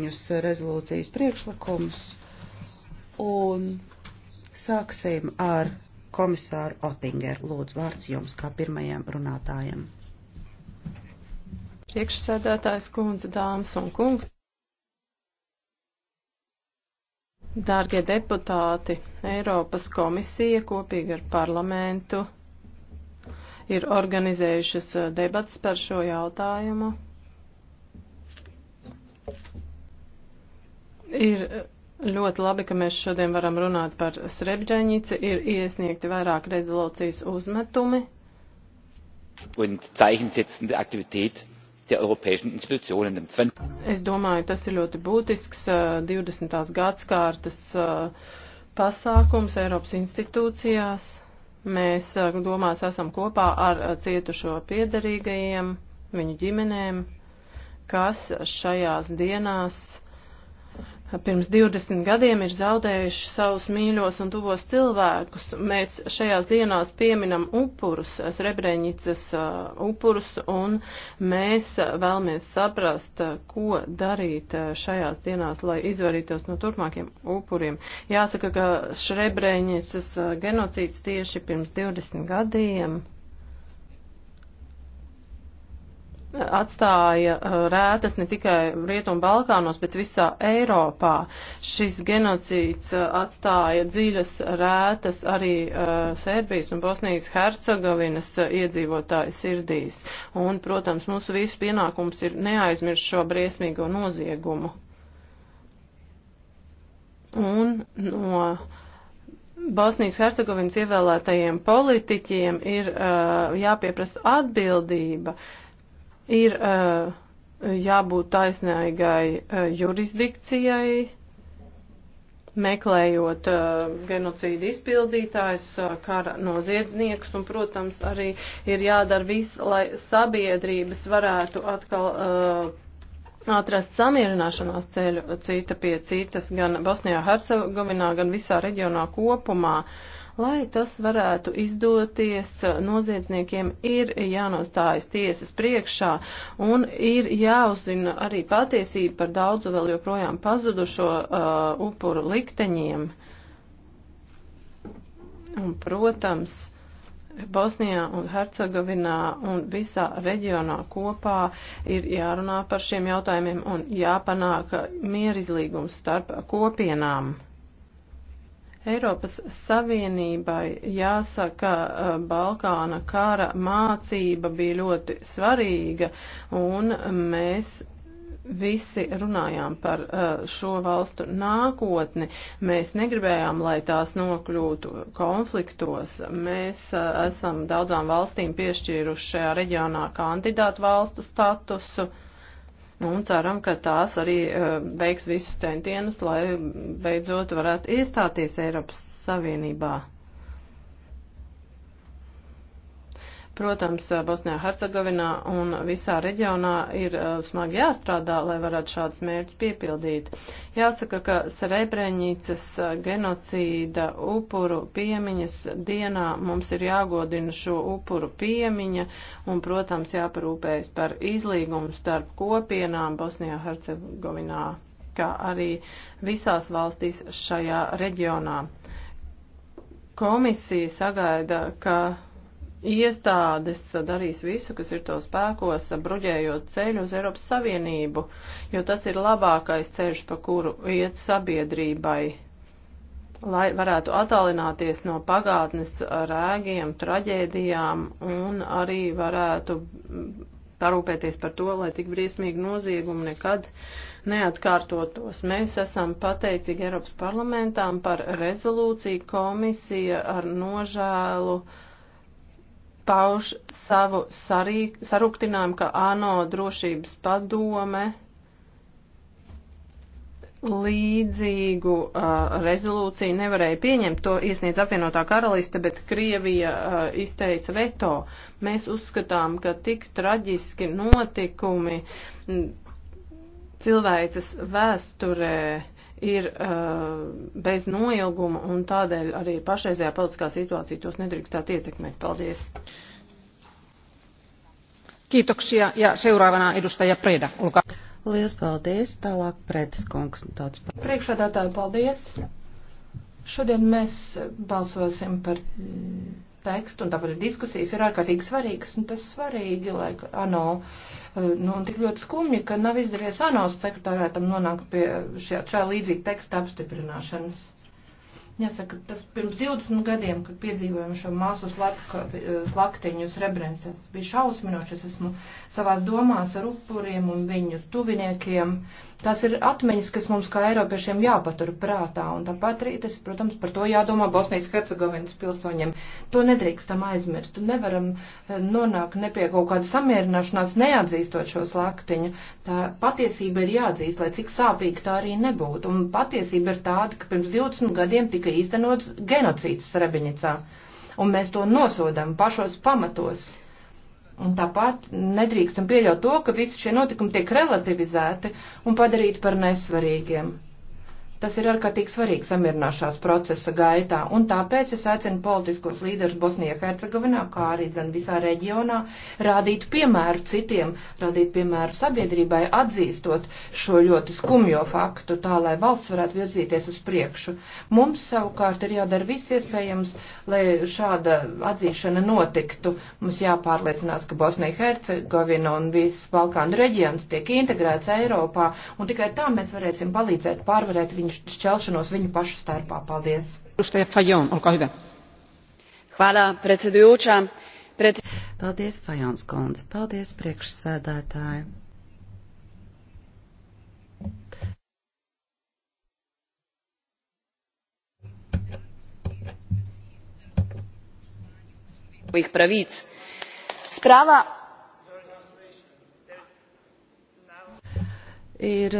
viņus eh, rezolūcijas priekšlikumus un sāksim ar komisāru Otingeru. Lūdzu, vārds jums kā pirmajam runātājam. Priekšsēdētājs kundze, dāmas un kungi. Dārgie deputāti, Eiropas komisija kopīgi ar parlamentu ir organizējušas eh, debats par šo jautājumu. Ir ļoti labi, ka mēs šodien varam runāt par Srebģēnici. Ir iesniegti vairāk rezolūcijas uzmetumi. Un zeichensetzende aktivitāte der europäischen Institutionen. Es domāju, tas ir ļoti būtisks 20. gadskārtas pasākums Eiropas institūcijās. Mēs domās esam kopā ar cietušo piedarīgajiem, viņu ģimenēm, kas šajās dienās uh, pirms 20 gadiem ir zaudējuši savus mīļos un tuvos cilvēkus. Mēs šajās dienās pieminam upurus, Srebrenicas uh, upurus, un mēs vēlamies saprast, uh, ko darīt uh, šajās dienās, lai izvarītos no turpmākiem upuriem. Jāsaka, ka Srebrenicas genocīds tieši pirms 20 gadiem atstāja uh, rētas ne tikai Rietumu Balkānos, bet visā Eiropā. Šis genocīds uh, atstāja dziļas rētas arī uh, Sērbijas un Bosnijas Hercegovinas iedzīvotāju sirdīs. Un, protams, mūsu visu pienākums ir neaizmirst šo briesmīgo noziegumu. Un no. Bosnijas Hercegovinas ievēlētajiem politiķiem ir uh, jāpieprasa atbildība. Uh, ir uh, jābūt taisnīgai uh, jurisdikcijai, meklējot uh, genocīdu izpildītājus, uh, kara noziedzniekus, un, protams, arī ir jādara viss, lai sabiedrības varētu atkal uh, atrast samierināšanās ceļu cita pie citas, gan Bosnijā, Hercegovinā, gan visā reģionā kopumā. Uh, Lai tas varētu izdoties, noziedzniekiem ir jānostājas tiesas priekšā un ir jāuzzina arī patiesība par daudzu vēl joprojām pazudušo uh, upuru likteņiem. Un, protams, Bosnijā un Hercegovinā un visā reģionā kopā ir jārunā par šiem jautājumiem un jāpanāk mierizlīgums starp kopienām. Eiropas Savienībai jāsaka, eh, Balkāna kara mācība bija ļoti svarīga, un mēs visi runājām par eh, šo valstu nākotni. Mēs negribējām, lai tās nokļūtu konfliktos. Mēs eh, esam daudzām valstīm piešķīruši šajā reģionā kandidātu valstu statusu un ceram, ka tās arī eh, veiks visus centienus, lai beidzot varētu iestāties Eiropas Savienībā. Protams, eh, Bosnijā, Hercegovinā un visā reģionā ir eh, smagi jāstrādā, lai varētu šādus mērķus piepildīt. Jāsaka, ka Srebrenicas eh, genocīda upuru piemiņas dienā mums ir jāgodina šo upuru piemiņa un, protams, jāparūpējas par izlīgumu starp kopienām Bosnijā, Hercegovinā, kā arī visās valstīs šajā reģionā. Komisija sagaida, ka iestādes darīs visu, kas ir to spēkos, bruģējot ceļu uz Eiropas Savienību, jo tas ir labākais ceļš, pa kuru iet sabiedrībai, lai varētu attālināties no pagātnes rēgiem, traģēdijām un arī varētu parūpēties par to, lai tik briesmīgi noziegumi nekad neatkārtotos. Mēs esam pateicīgi Eiropas parlamentām par rezolūciju komisija ar nožēlu uh, pauž savu sarīk, sarūktinājumu, ka ANO drošības padome līdzīgu uh, rezolūciju nevarēja pieņemt. To iesniedz apvienotā karaliste, bet Krievija uh, izteica veto. Mēs uzskatām, ka tik traģiski notikumi mm, cilvēces vēsturē ir uh, bez noilguma, un tādēļ arī pašreizējā politiskā situācija tos nedrīkstāt ietekmēt. Paldies! Kiitoksia ja seuraavana edustaja Preda, olkaa. Lielas paldies, tālāk Predes kungs. Tāds... Priekšādātāju paldies. Šodien mēs balsosim par tekstu, un tāpēc diskusijas ir ārkārtīgi svarīgas, un tas svarīgi, lai ANO, eh, nu, un tik ļoti skumji, ka nav izdevies ANO sekretārētam nonākt pie šajā, šajā līdzīga teksta apstiprināšanas. Jāsaka, tas pirms 20 gadiem, kad piedzīvojam šo māsu slaktiņu Srebrenicā, tas bija šausminoši, es esmu savās domās ar upuriem un viņu tuviniekiem. Uh, Tās ir atmiņas, kas mums kā Eiropiešiem jāpatur prātā, un tāpat arī tas, protams, par to jādomā Bosnijas Hercegovinas pilsoņiem. To nedrīkstam aizmirst, un nevaram eh, nonākt ne pie kaut kāda samierināšanās, neatzīstot šo slaktiņu. Tā patiesība ir jāatzīst, lai cik sāpīgi tā arī nebūtu, un patiesība ir tāda, ka pirms 20 gadiem tika īstenots genocīds Srebrenicā, un mēs to nosodam pašos pamatos Un tāpat nedrīkstam pieļaut to, ka visi šie notikumi tiek relativizēti un padarīti par nesvarīgiem. Tas ir ārkārtīgi svarīgi samierināšās procesa gaitā, un tāpēc es aicinu politiskos līderus Bosnijā Hercegovinā, kā arī zin visā reģionā, rādīt piemēru citiem, rādīt piemēru sabiedrībai, atzīstot šo ļoti skumjo faktu, tā lai valsts varētu virzīties uz priekšu. Mums savukārt ir jādara viss iespējams, lai šāda atzīšana notiktu. Mums jāpārliecinās, ka Bosnija Hercegovina un viss Balkānu reģions tiek integrēts Eiropā, un tikai tā mēs varēsim palīdzēt pārvarēt viņu šķelšanos viņu pašu starpā. Paldies! Hvala, predsedujoča. Pred... Paldies, Fajons kundze. Paldies, priekšsēdētāji. človekovih pravic. sprava ir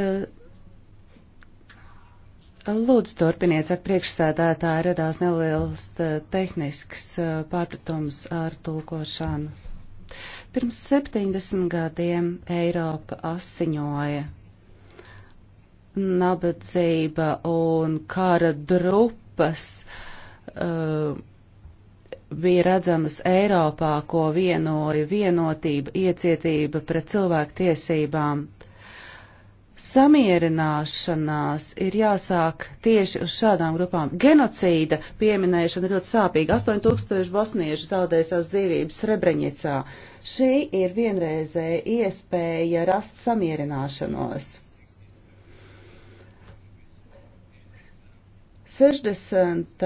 Lūdzu, turpiniet, saka priekšsēdētāji, radās neliels eh, tehnisks eh, pārpratums ar tulkošanu. Pirms 70 gadiem Eiropa asiņoja. Nabadzība un kara drupas uh, bija redzamas Eiropā, ko vienoja vienotība, iecietība pret cilvēku tiesībām. Uh, Samierināšanās ir jāsāk tieši uz šādām grupām. Genocīda pieminēšana ir ļoti sāpīga. 8000 bosniešu zaudēja savas dzīvības Srebrenicā. Šī ir vienreizēja iespēja rast samierināšanos. 60.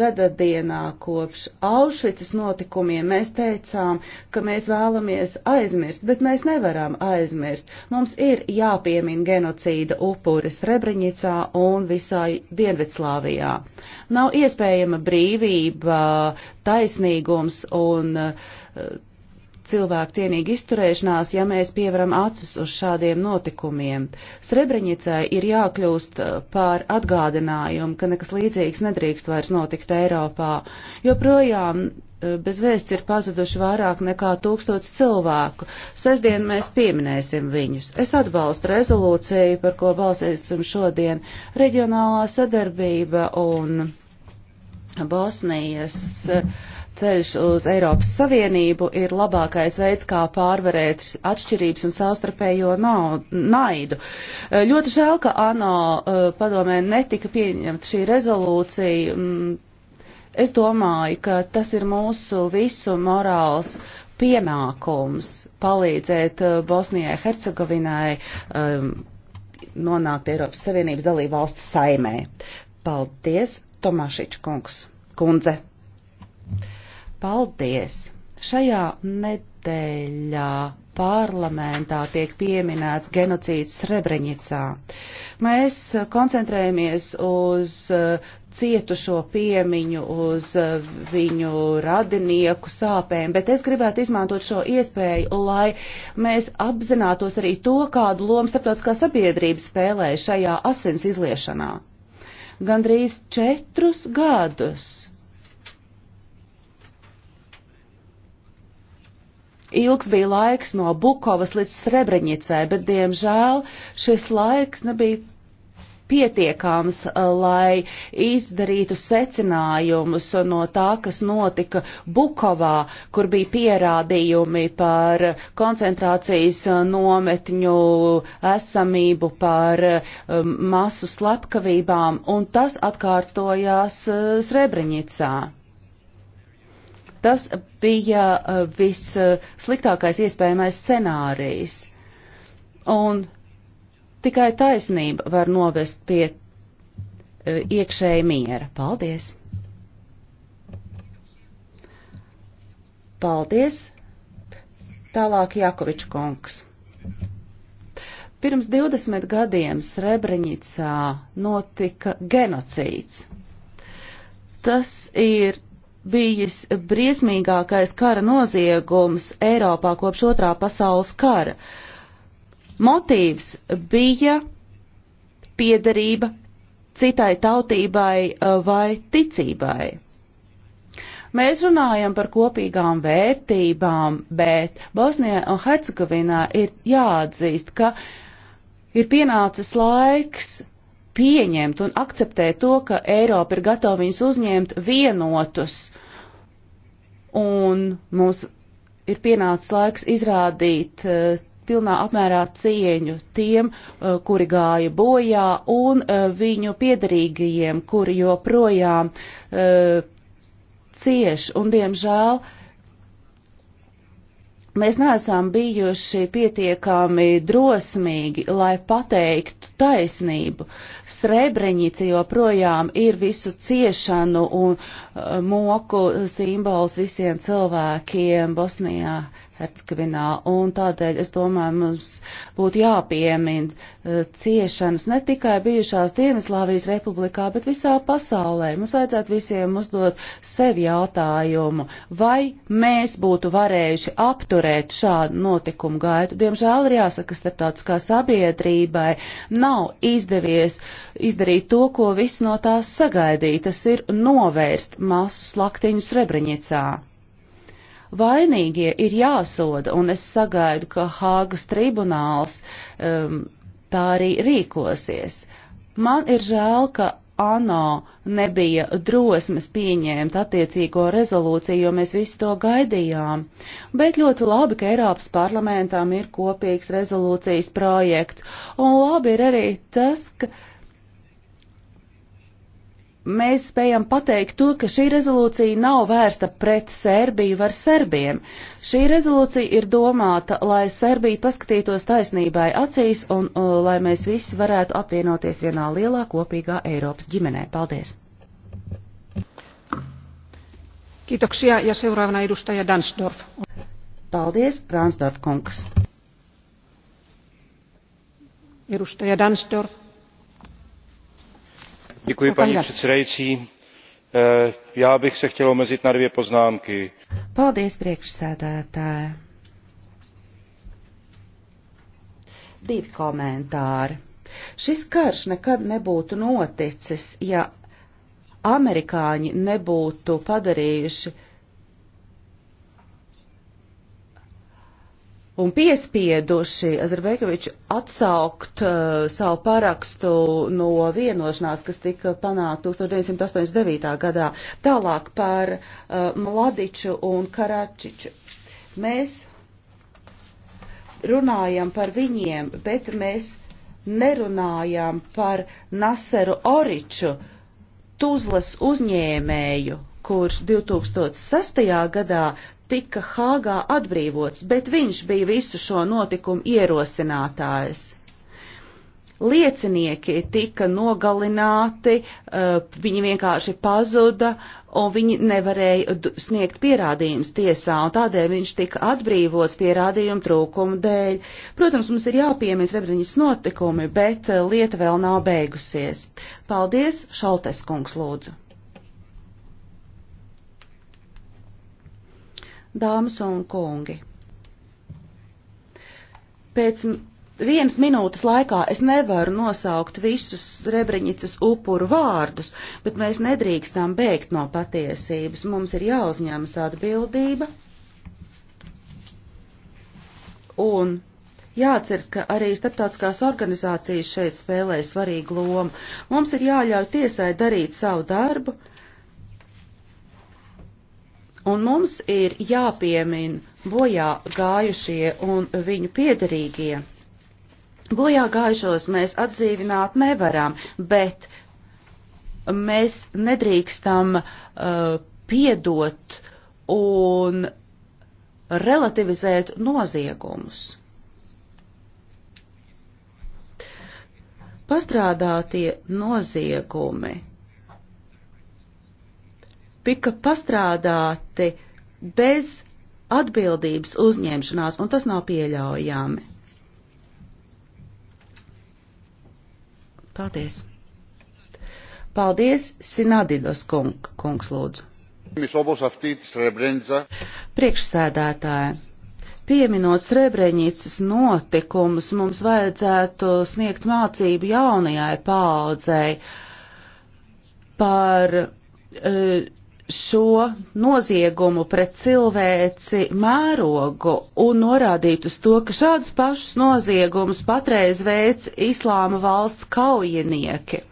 gada dienā kopš Aušvicas notikumiem mēs teicām, ka mēs vēlamies aizmirst, bet mēs nevaram aizmirst. Mums ir jāpiemin genocīda upuri Srebrenicā un visā Dienvidslāvijā. Nav iespējama brīvība, taisnīgums un uh, cilvēku cienīgu izturēšanās, ja mēs pievaram acis uz šādiem notikumiem. Srebrenicai ir jākļūst eh, par atgādinājumu, ka nekas līdzīgs nedrīkst vairs notikt Eiropā, jo projām eh, bez vēsts ir pazuduši vairāk nekā tūkstots cilvēku. Sesdien mēs pieminēsim viņus. Es atbalstu rezolūciju, par ko balsēsim šodien - reģionālā sadarbība un Bosnijas. Mm ceļš uz Eiropas Savienību ir labākais veids, kā pārvarēt atšķirības un savstarpējo naidu. Eh, ļoti žēl, ka ANO eh, padomē netika pieņemta šī rezolūcija. Mm, es domāju, ka tas ir mūsu visu morāls pienākums palīdzēt eh, Bosnijai, Hercegovinai um, nonākt Eiropas Savienības dalību valstu saimē. Paldies, Tomašič kungs, kundze. Paldies! Šajā nedēļā parlamentā tiek pieminēts genocīds Srebrenicā. Mēs koncentrējamies uz uh, cietušo piemiņu, uz uh, viņu radinieku sāpēm, bet es gribētu izmantot šo iespēju, lai mēs apzinātos arī to, kādu lomu starptautiskā sabiedrība spēlē šajā asins izliešanā. Gandrīz četrus gadus ilgs bija laiks no Bukovas līdz Srebrenicai, bet diemžēl šis laiks nebija pietiekams, eh, lai izdarītu secinājumus no tā, kas notika Bukovā, kur bija pierādījumi par koncentrācijas nometņu esamību, par eh, masu slepkavībām, un tas atkārtojās eh, Srebrenicā. Tas bija eh, vissliktākais iespējamais scenārijs. Un tikai taisnība var novest pie eh, iekšēja miera. Paldies! Paldies! Tālāk Jakovičs kungs. Pirms 20 gadiem Srebrenicā notika genocīds. Tas ir bijis briesmīgākais kara noziegums Eiropā kopš otrā pasaules kara. Motīvs bija piederība citai tautībai vai ticībai. Mēs runājam par kopīgām vērtībām, bet Bosnijā un Hercegovinā ir jāatzīst, ka ir pienācis laiks pieņemt un akceptēt to, ka Eiropa ir gatava viņus uzņemt vienotus. Un mums ir pienācis laiks izrādīt uh, pilnā apmērā cieņu tiem, uh, kuri gāja bojā, un uh, viņu piedarīgajiem, kuri joprojām cieš. Un, diemžēl, uh, mēs neesam bijuši pietiekami drosmīgi, lai pateiktu taisnību. Srebreņici joprojām ir visu ciešanu un uh, moku simbols visiem cilvēkiem Bosnijā, Hercegovinā. Un tādēļ, es domāju, mums būtu jāpiemina eh, ciešanas ne tikai bijušās Dienvidslāvijas republikā, bet visā pasaulē. Mums vajadzētu visiem uzdot sev jautājumu, vai mēs būtu varējuši apturēt šādu notikumu gaitu. Diemžēl ir jāsaka, starptautiskā sabiedrībai nav izdevies izdarīt to, ko viss no tās sagaidīja. Tas ir novērst masu slaktiņu Srebrenicā. Vainīgie ir jāsoda, un es sagaidu, ka Hāgas tribunāls um, tā arī rīkosies. Man ir žēl, ka ANO nebija drosmes pieņemt attiecīgo rezolūciju, jo mēs visi to gaidījām. Bet ļoti labi, ka Eiropas parlamentām ir kopīgs rezolūcijas projekts, un labi ir arī tas, ka mēs spējam pateikt to, ka šī rezolūcija nav vērsta pret Serbiju vai serbiem. Šī rezolūcija ir domāta, lai Serbija paskatītos taisnībai acīs un uh, lai mēs visi varētu apvienoties vienā lielā kopīgā Eiropas ģimenē. Paldies! Kiitoksia ja seuraavana edustaja Dansdorf. Paldies, Ransdorf kungs. Edustaja Dansdorf paní předsedající eh, já bych se chtěl omezit na dvě poznámky. Paldies, priekšsēdētāji. Divi komentāri. Šis karš nekad nebūtu noticis, ja amerikāņi nebūtu padarījuši un piespieduši Azerbeikoviču atsaukt uh, savu parakstu no vienošanās, kas tika panākta 1989. gadā. Tālāk par uh, Mladiču un Karačiču. Mēs runājam par viņiem, bet mēs nerunājam par Naseru Oriču, Tuzlas uzņēmēju, kurš 2006. gadā tika Hāgā atbrīvots, bet viņš bija visu šo notikumu ierosinātājs. Liecinieki tika nogalināti, eh, viņi vienkārši pazuda, un viņi nevarēja sniegt pierādījumus tiesā, un tādēļ viņš tika atbrīvots pierādījumu trūkumu dēļ. Protams, mums ir jāpiemina Srebreniņas notikumi, bet eh, lieta vēl nav beigusies. Paldies, Šaltes kungs lūdzu. dāmas un kungi. Pēc vienas minūtes laikā es nevaru nosaukt visus Rebriņicas upuru vārdus, bet mēs nedrīkstam bēgt no patiesības. Mums ir jāuzņemas atbildība un jāatceras, ka arī starptautiskās organizācijas šeit spēlē svarīgu lomu. Mums ir jāļauj tiesai darīt savu darbu Un mums ir jāpiemina bojā gājušie un viņu piederīgie. Bojā gājušos mēs atdzīvināt nevaram, bet mēs nedrīkstam uh, piedot un relativizēt noziegumus. Pastrādātie noziegumi tika pastrādāti bez atbildības uzņemšanās, un tas nav pieļaujami. Paldies! Paldies, Sinadidos kung, kungs lūdzu. Priekšsēdētāja, pieminot Srebrenicas notikumus, mums vajadzētu sniegt mācību jaunajai paaudzei par uh, šo noziegumu pret cilvēci mērogu un norādīt uz to, ka šādus pašus noziegumus patreiz veids Islāma valsts kaujinieki.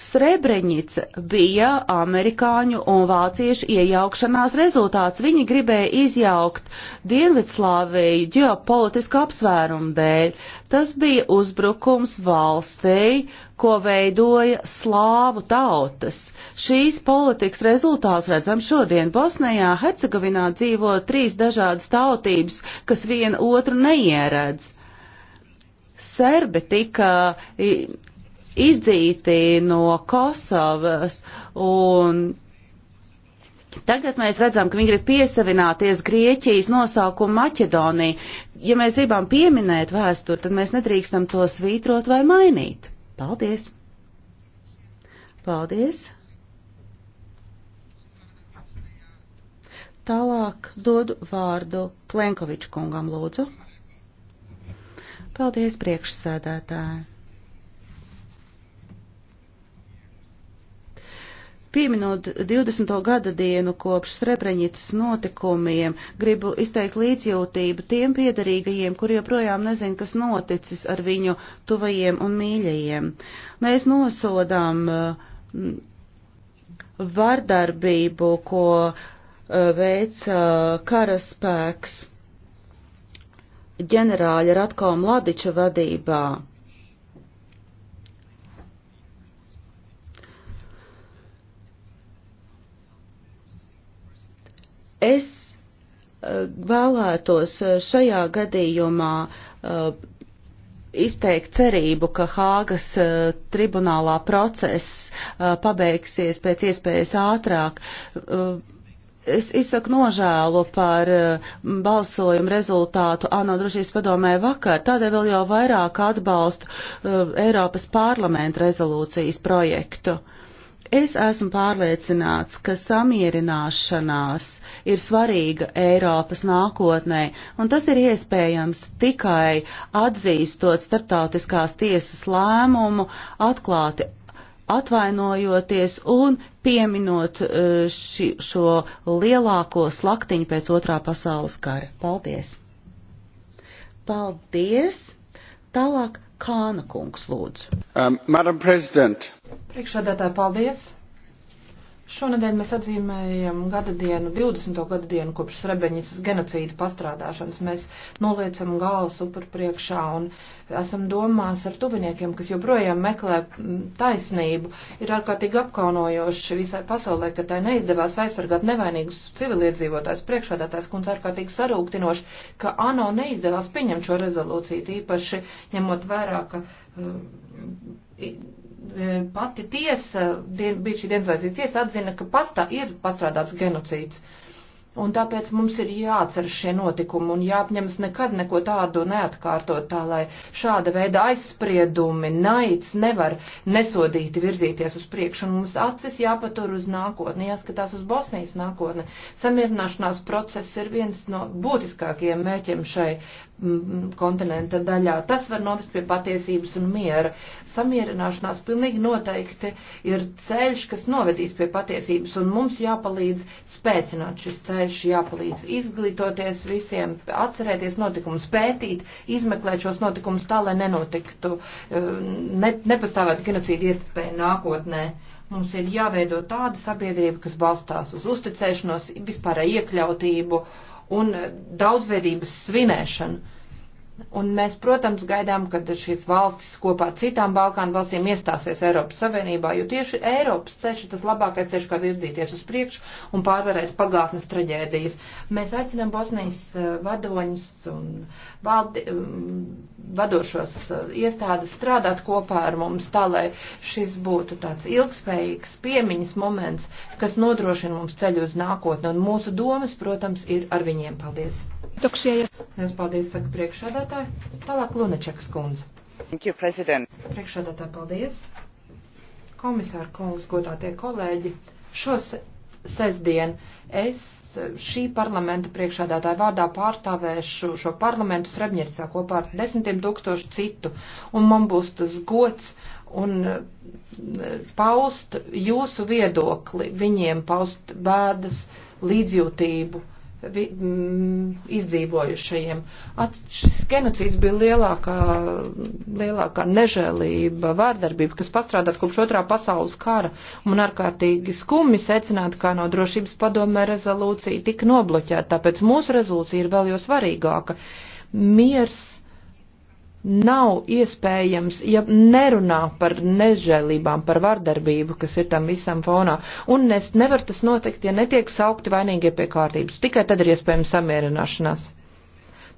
Srebrenica bija amerikāņu un vāciešu iejaukšanās rezultāts. Viņi gribēja izjaukt Dienvidslāviju ģeopolitisku apsvērumu dēļ. Tas bija uzbrukums valstei, ko veidoja slāvu tautas. Šīs politikas rezultāts redzam šodien. Bosnijā, Hercegovinā dzīvo trīs dažādas tautības, kas viena otru neieredz serbi tika izdzīti no Kosovas un Tagad mēs redzam, ka viņi grib piesavināties Grieķijas nosaukumu Maķedoniju. Ja mēs gribam pieminēt vēsturi, tad mēs nedrīkstam to svītrot vai mainīt. Paldies! Paldies! Tālāk dodu vārdu Plenkoviču kungam lūdzu. Paldies, priekšsēdētāji! Pieminot 20. gada dienu kopš Srebrenicas notikumiem, gribu izteikt līdzjūtību tiem piedarīgajiem, kur joprojām nezin, kas noticis ar viņu tuvajiem un mīļajiem. Mēs nosodām uh, vardarbību, ko uh, veica uh, karaspēks ģenerāļa Ratko Mladiča vadībā Es eh, vēlētos eh, šajā gadījumā eh, izteikt cerību, ka Hāgas uh, tribunālā process uh, pabeigsies pēc iespējas ātrāk. Uh, es izsaku nožēlu par balsojumu rezultātu ANO drošības padomē vakar, tādēļ vēl jau vairāk atbalstu Eiropas parlamenta rezolūcijas projektu. Uh, Es esmu pārliecināts, ka samierināšanās ir svarīga Eiropas nākotnē, un tas ir iespējams tikai atzīstot starptautiskās tiesas lēmumu, atklāti atvainojoties un pieminot eh, ši, šo lielāko slaktiņu pēc otrā pasaules kara. Paldies! Paldies! Tālāk Kāna kungs lūdzu. Um, Priekšsēdētāji, paldies! Šonadēļ mēs atzīmējam gada dienu, 20. gada dienu kopš Srebrenicas genocīda pastrādāšanas. Mēs noliecam galvu super priekšā un esam domās ar tuviniekiem, kas joprojām meklē taisnību. Ir ārkārtīgi apkaunojoši visai pasaulē, ka tai neizdevās aizsargāt nevainīgus civiliedzīvotājs priekšādātājs, un ārkārtīgi sarūktinoši, ka ANO neizdevās pieņemt šo rezolūciju, īpaši ņemot vērā, ka. Uh, E, pati tiesa, dien, bija šī dienasvēsīs tiesa, atzina, ka pastā ir pastrādāts genocīds. Un tāpēc mums ir jāatceras šie notikumi un jāapņemas nekad neko tādu neatkārtot, tā lai šāda veida aizspriedumi, naids nevar nesodīti virzīties uz priekšu. Un mums acis jāpatur uz nākotni, jāskatās uz Bosnijas nākotni. Samierināšanās process ir viens no būtiskākajiem mēķiem šai kontinenta daļā. Tas var novest pie patiesības un miera. Samierināšanās pilnīgi noteikti ir ceļš, kas novedīs pie patiesības, un mums jāpalīdz spēcināt šis ceļš, jāpalīdz izglītoties visiem, atcerēties notikumus, pētīt, izmeklēt šos notikumus tā, lai nenotiktu, eh, ne, nepastāvētu genocīdu iespēja nākotnē. Mums ir jāveido tāda sabiedrība, kas balstās uz uzticēšanos, vispārēj iekļautību un eh, daudzveidības svinēšanu. Un mēs, protams, gaidām, kad šīs valstis kopā ar citām Balkānu valstīm iestāsies Eiropas Savienībā, jo tieši Eiropas ceļš ir tas labākais ceļš, kā virzīties uz priekšu un pārvarēt pagātnes traģēdijas. Mēs aicinām Bosnijas eh, vadoņus un valdi, mm, vadošos eh, iestādes strādāt kopā ar mums tā, lai šis būtu tāds ilgspējīgs piemiņas moments, kas nodrošina mums ceļu uz nākotni. Un mūsu domas, protams, ir ar viņiem. Paldies! Tukšie, es paldies, saka priekšsādātāji. Tālāk Lunačekas kundze. Priekšsādātāji, paldies. Komisāra kungs, godātie kolēģi, šos sestdien es šī parlamenta priekšādātāja vārdā pārstāvēšu šo parlamentu Srebņericā kopā ar desmitiem tūkstošu citu, un man būs tas gods un e, paust jūsu viedokli viņiem, paust bēdas, līdzjūtību vi, m, mm, izdzīvojušajiem. At, šis genocīds bija lielākā, lielākā nežēlība, vārdarbība, kas pastrādāt kopš otrā pasaules kara, un ārkārtīgi skumji secināt, kā no drošības padomē rezolūcija tika nobloķēta, tāpēc mūsu rezolūcija ir vēl jo svarīgāka. Miers nav iespējams, ja nerunā par nežēlībām, par vardarbību, kas ir tam visam fonā. Un nes, nevar tas notikt, ja netiek saukti vainīgie pie kārtības. Tikai tad ir iespējams samierināšanās.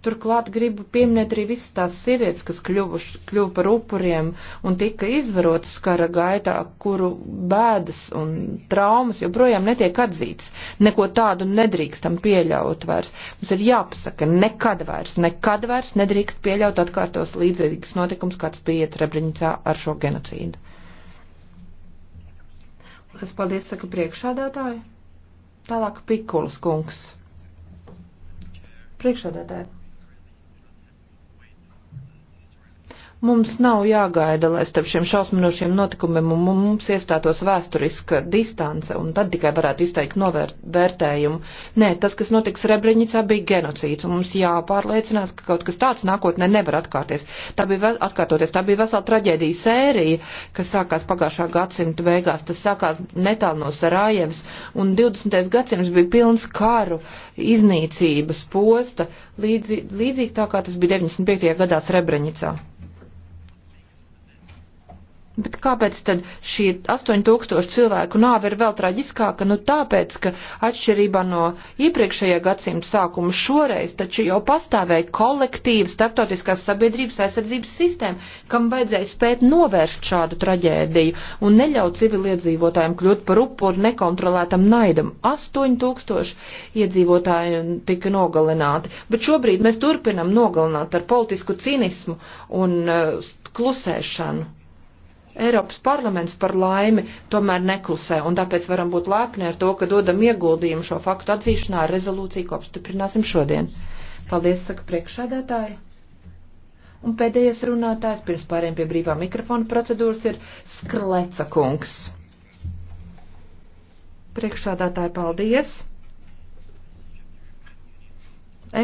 Turklāt gribu pieminēt arī visas tās sievietes, kas kļuvuši, kļuva par upuriem un tika izvarotas kara gaitā, kuru bēdas un traumas joprojām netiek atzītas. Neko tādu nedrīkstam pieļaut vairs. Mums ir jāpasaka, nekad vairs, nekad vairs nedrīkst pieļaut atkārtos līdzīgas notikums, kāds bija Trebriņcā ar šo genocīdu. Es paldies, saka priekšādātāju. Tālāk Pikulas kungs. Priekšādātāju. Mums nav jāgaida, lai starp šiem šausminošiem notikumiem mums iestātos vēsturiska distance un tad tikai varētu izteikt novērtējumu. Nē, tas, kas notiks Rebreņicā, bija genocīds un mums jāpārliecinās, ka kaut kas tāds nākotnē nevar atkārties. Tā bija, atkārtoties. Tā bija vesela traģēdija sērija, kas sākās pagājušā gadsimta beigās. Tas sākās netālu no Sarājevas un 20. gadsimts bija pilns karu, iznīcības posta, līdzīgi, līdzīgi tā kā tas bija 95. gadā Srebreņicā. Bet kāpēc tad šī 8000 cilvēku nāve ir vēl traģiskāka? Nu tāpēc, ka atšķirībā no iepriekšējā gadsimta sākuma šoreiz taču jau pastāvēja kolektīva starptautiskās sabiedrības aizsardzības sistēma, kam vajadzēja spēt novērst šādu traģēdiju un neļaut civiliedzīvotājiem kļūt par upuru nekontrolētam naidam. 8000 iedzīvotāji tika nogalināti, bet šobrīd mēs turpinam nogalināt ar politisku cinismu un uh, klusēšanu. Eiropas parlaments par laimi tomēr neklusē, un tāpēc varam būt lepni ar to, ka dodam ieguldījumu šo faktu atzīšanā ar rezolūciju, ko apstiprināsim šodien. Paldies, saka priekšsēdētāji. Un pēdējais runātājs pirms pāriem pie brīvā mikrofona procedūras ir Skrleca kungs. Priekšsādātāji, paldies!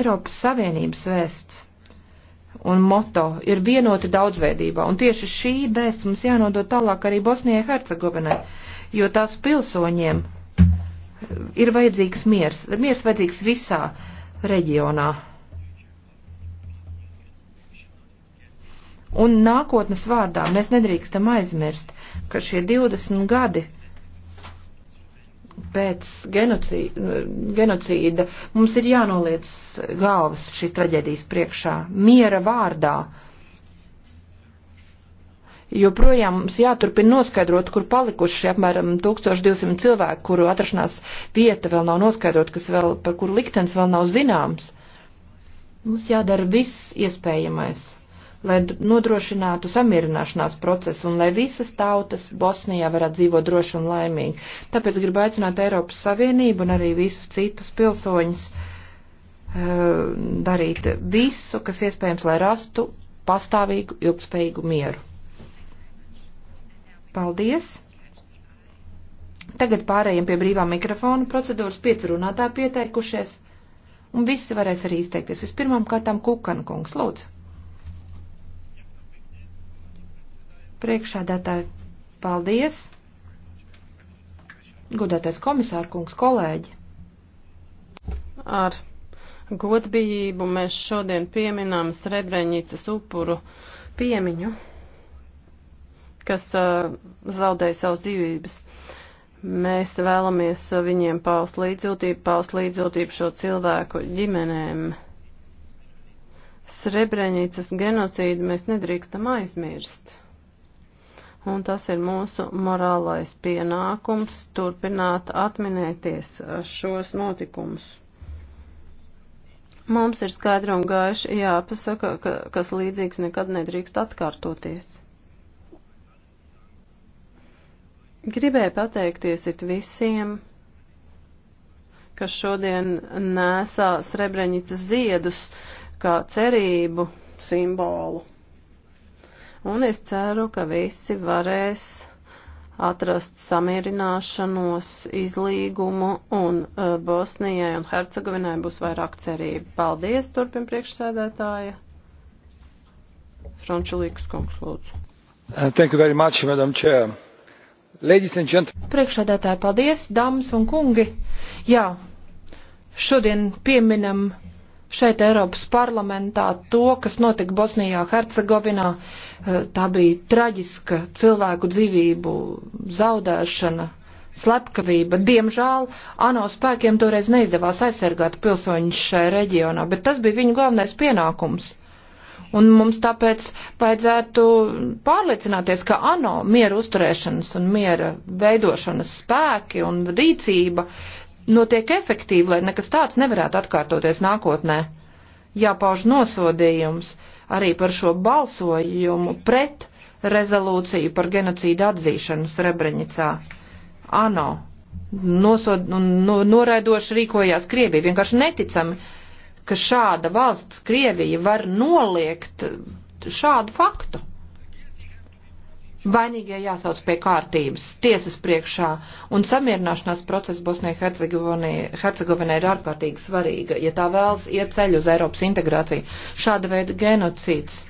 Eiropas Savienības vēsts un moto ir vienota daudzveidībā, un tieši šī vēsts mums jānodod tālāk arī Bosnijai Hercegovinai, jo tās pilsoņiem ir vajadzīgs miers, miers vajadzīgs visā reģionā. Un nākotnes vārdā mēs nedrīkstam aizmirst, ka šie 20 gadi pēc genocīda, nu, genocīda mums ir jānoliec galvas šīs traģēdijas priekšā miera vārdā. Jo projām mums jāturpina noskaidrot, kur palikuši apmēram 1200 cilvēku, kuru atrašanās vieta vēl nav noskaidrot, kas vēl, par kuru liktenis vēl nav zināms. Mums jādara viss iespējamais lai nodrošinātu samierināšanās procesu un lai visas tautas Bosnijā varētu dzīvot droši un laimīgi. Tāpēc gribu aicināt Eiropas Savienību un arī visus citus pilsoņus eh, darīt visu, kas iespējams, lai rastu pastāvīgu, ilgspējīgu mieru. Paldies! Tagad pārējiem pie brīvā mikrofona procedūras pieci runātāji pieteikušies, un visi varēs arī izteikties. Vispirmām kārtām Kukan kungs, lūdzu. Priekšādātāji, paldies! Godātais komisārkungs, kolēģi! Ar godbijību mēs šodien pieminām Srebrenicas upuru piemiņu, kas uh, zaudēja savas dzīvības. Mēs vēlamies viņiem paust līdzjūtību, paust līdzjūtību šo cilvēku ģimenēm. Srebrenicas genocīdu mēs nedrīkstam aizmirst un tas ir mūsu morālais pienākums turpināt atminēties uh, šos notikumus. Mums ir skaidri un gaiši jāpasaka, ka kas līdzīgs nekad nedrīkst atkārtoties. Gribēju pateikties it visiem, kas šodien nesā Srebrenicas ziedus kā cerību simbolu un es ceru, ka visi varēs atrast samierināšanos, izlīgumu, un uh, Bosnijai un Hercegovinai būs vairāk cerību. Paldies, turpin priekšsēdētāja. Frančulīks kungs, lūdzu. Uh, thank you very much, Madam Chair. Ladies and gentlemen. Priekšsēdētāji, paldies, dāmas un kungi. Jā, šodien pieminam šeit Eiropas parlamentā to, kas notika Bosnijā, Hercegovinā. Eh, tā bija traģiska cilvēku dzīvību zaudēšana, slepkavība. Diemžēl ANO spēkiem toreiz neizdevās aizsargāt pilsoņus šajā reģionā, bet tas bija viņu galvenais pienākums. Un mums tāpēc vajadzētu pārliecināties, ka ANO mieru uzturēšanas un miera veidošanas spēki un rīcība notiek efektīvi, lai nekas tāds nevarētu atkārtoties nākotnē. Jāpauž nosodījums arī par šo balsojumu pret rezolūciju par genocīdu atzīšanu Srebrenicā. ANO nosod, no, nu, nu, noraidoši rīkojās Krievija. Vienkārši neticami, ka šāda valsts Krievija var noliegt šādu faktu vainīgie jāsauc pie kārtības, tiesas priekšā, un samierināšanās process Bosnijai Hercegovinai ir ārkārtīgi svarīga, ja tā vēlas iet ceļu uz Eiropas integrāciju. Šāda veida genocīds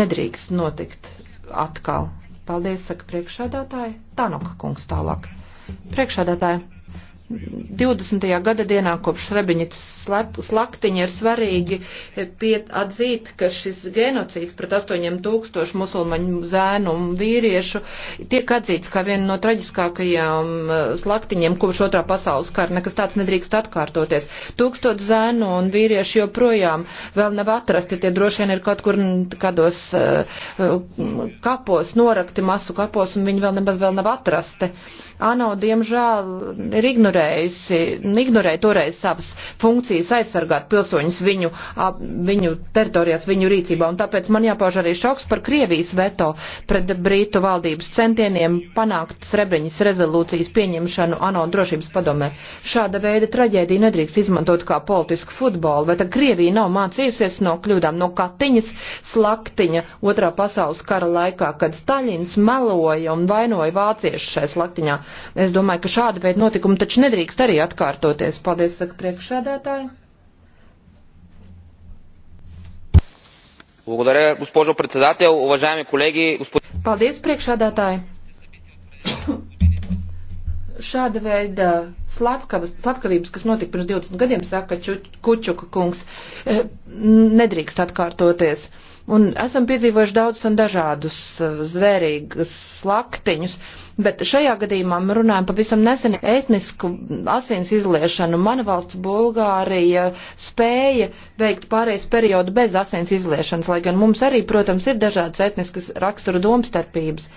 nedrīkst notikt atkal. Paldies, saka priekšādātāji. Tanuka kungs tālāk. Priekšādātāji. 20. gada dienā kopš Srebrenicas slaktiņa ir svarīgi eh, atzīt, ka šis genocīds pret 8000 musulmaņu zēnu un vīriešu tiek atzīts kā viena no traģiskākajām eh, slaktiņiem kopš otrā pasaules kara. Nekas tāds nedrīkst atkārtoties. Tūkstot zēnu un vīriešu joprojām vēl nav atrasti, tie droši vien ir kaut kur kādos eh, kapos, norakti masu kapos, un viņi vēl, ne, vēl nav atrasti. Ano, diemžēl, ir ignorēti ignorēja toreiz savas funkcijas aizsargāt pilsoņus viņu, ap, viņu teritorijās, viņu rīcībā. Un tāpēc man jāpauž arī šoks par Krievijas veto pret Brītu valdības centieniem panākt Srebriņas rezolūcijas pieņemšanu ANO drošības padomē. Šāda veida traģēdija nedrīkst izmantot kā politisku futbolu, bet Krievija nav mācījusies no kļūdām, no katiņas slaktiņa otrā pasaules kara laikā, kad Staļins meloja un vainoja vāciešus šai slaktiņā. Es domāju, ka šāda veida notikumi taču nedrīkst arī atkārtoties. Paldies, saka priekšsēdētāji. Благодаря, госпожо председател, уважаеми колеги. Господ... Paldies, priekšsēdētāji šāda veida slepkavības, kas notika pirms 20 gadiem, saka Kučuka kungs, eh, nedrīkst atkārtoties. Un esam piedzīvojuši daudz un dažādus eh, zvērīgus slaktiņus, bet šajā gadījumā runājam pavisam nesen etnisku asins izliešanu. Mana valsts Bulgārija spēja veikt pārējais periodu bez asins izliešanas, lai gan mums arī, protams, ir dažādas etniskas rakstura domstarpības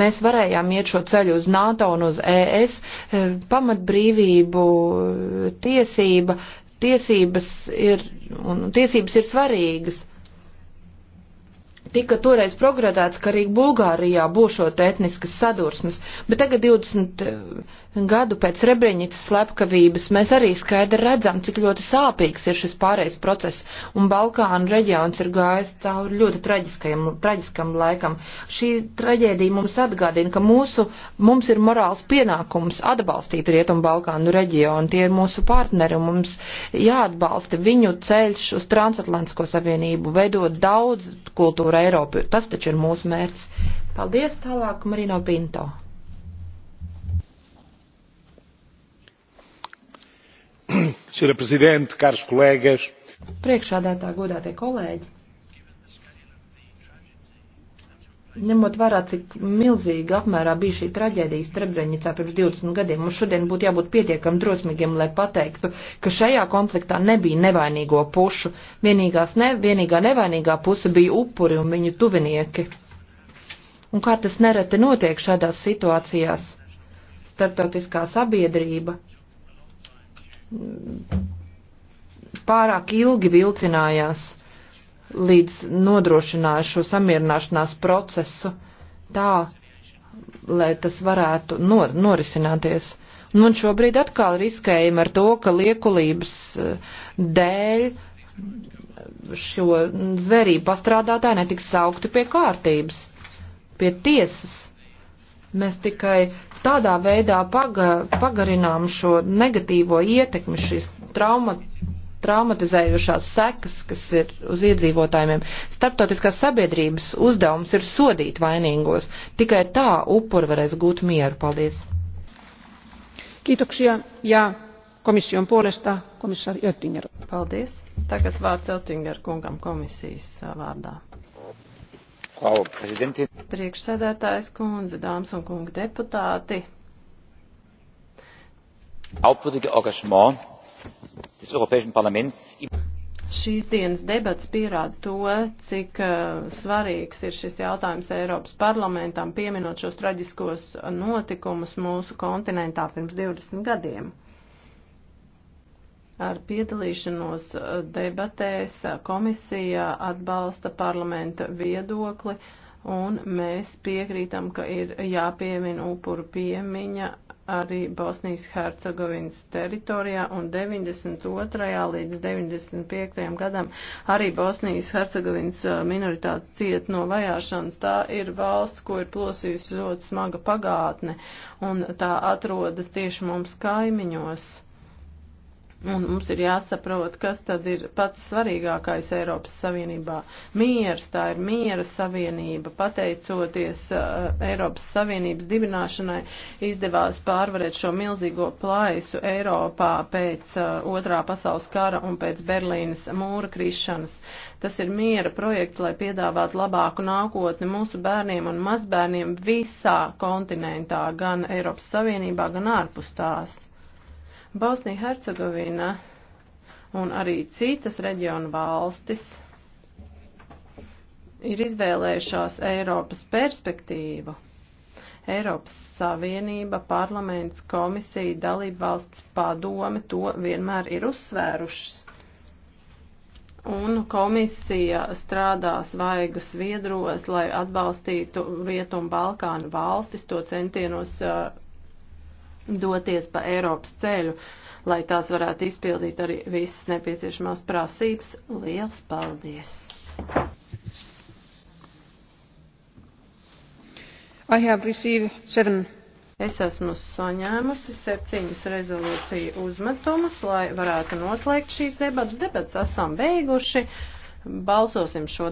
mēs varējām iet šo ceļu uz NATO un uz ES, e, pamatbrīvību, tiesība, tiesības ir, un tiesības ir svarīgas tika toreiz progradēts, ka arī Bulgārijā būšot etniskas sadursmes, bet tagad 20 eh, gadu pēc Rebreņicas slepkavības mēs arī skaidri redzam, cik ļoti sāpīgs ir šis pārējais process, un Balkānu reģions ir gājis cauri ļoti traģiskam laikam. Šī traģēdija mums atgādina, ka mūsu, mums ir morāls pienākums atbalstīt Rietumu Balkānu reģionu, tie ir mūsu partneri, un mums jāatbalsta viņu ceļš uz transatlantisko savienību, veidot daudz kultūru Eiropu. Tas taču ir mūsu mērķis. Paldies tālāk Marino Pinto. Sra. Presidente, caros colegas. Priekšādātā godātie kolēģi. ņemot vērā, cik milzīga apmērā bija šī traģēdija Strebrenicā pirms 20 gadiem, mums šodien būtu jābūt pietiekam drosmīgiem, lai pateiktu, ka šajā konfliktā nebija nevainīgo pušu. Vienīgās ne, vienīgā nevainīgā puse bija upuri un viņu tuvinieki. Un kā tas nereti notiek šādās situācijās? Startautiskā sabiedrība pārāk ilgi vilcinājās līdz nodrošināja šo samierināšanās procesu tā, lai tas varētu nor norisināties. Un šobrīd atkal riskējam ar to, ka liekulības eh, dēļ šo zverību pastrādātāji netiks saukti pie kārtības, pie tiesas. Mēs tikai tādā veidā paga, pagarinām šo negatīvo ietekmi šīs trauma, traumatizējušās sekas, kas ir uz iedzīvotājiem. Starptautiskās sabiedrības uzdevums ir sodīt vainīgos. Tikai tā upuri varēs gūt mieru. Paldies! Kiitoksia ja komission puolesta komissaari Oettinger. Paldies. Tagad vārds Oettinger kungam komisijas vārdā. Frau Präsidentin. Priekšsēdētājs kundze, dāmas un kungi deputāti. Aufwürdige Engagement des Europäischen Parlaments im Šīs dienas debats pierāda to, cik uh, svarīgs ir šis jautājums Eiropas parlamentam, pieminot šos traģiskos notikumus mūsu kontinentā pirms 20 gadiem. Ar piedalīšanos uh, debatēs uh, komisija atbalsta parlamenta viedokli, un mēs piekrītam, ka ir jāpiemina upuru piemiņa arī Bosnijas Hercegovinas teritorijā un 92. līdz 95. gadam arī Bosnijas Hercegovinas minoritāte ciet no vajāšanas. Tā ir valsts, ko ir plosījusi ļoti smaga pagātne un tā atrodas tieši mums kaimiņos. Un mums ir jāsaprot, kas tad ir pats svarīgākais Eiropas Savienībā. Miers, tā ir miera savienība. Pateicoties uh, Eiropas Savienības dibināšanai, izdevās pārvarēt šo milzīgo plaisu Eiropā pēc uh, otrā pasaules kara un pēc Berlīnas mūra krišanas. Tas ir miera projekts, lai piedāvātu labāku nākotni mūsu bērniem un mazbērniem visā kontinentā, gan Eiropas Savienībā, gan ārpus tās. Bosnija-Hercegovina un arī citas reģionu valstis ir izvēlējušās Eiropas perspektīvu. Eiropas Savienība, parlaments, komisija, dalība valsts padome to vienmēr ir uzsvērušas. Un komisija strādās vaigas viedros, lai atbalstītu Rietumu Balkānu valstis to centienos uh, doties pa Eiropas ceļu, lai tās varētu izpildīt arī visas nepieciešamās prasības. Liels paldies! I have received seven Es esmu saņēmusi septiņus rezolūciju uzmetumus, lai varētu noslēgt šīs debatas. Debatas esam beiguši. Balsosim šodien.